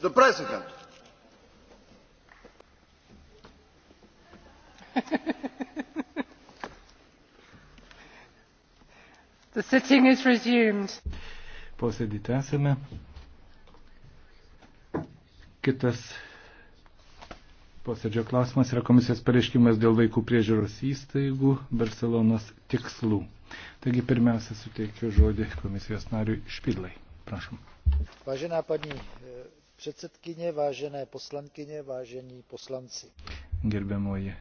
the president. the sitting is resumed. Posėdį tęsime. Kitas posėdžio klausimas yra komisijos pareiškimas dėl vaikų priežiūros įstaigų Barcelonos tikslų. Taigi pirmiausia suteikiu žodį komisijos nariui Špidlai. Prašom. Vážená paní předsedkyně vážené poslankyně vážení poslanci gerbiamoji